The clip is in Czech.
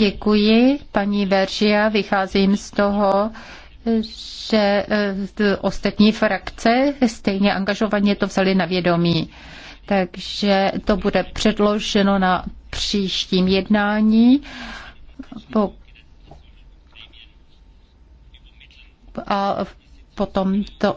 Děkuji, paní Veržia. Vycházím z toho, že e, ostatní frakce stejně angažovaně to vzali na vědomí. Takže to bude předloženo na příštím jednání. A potom to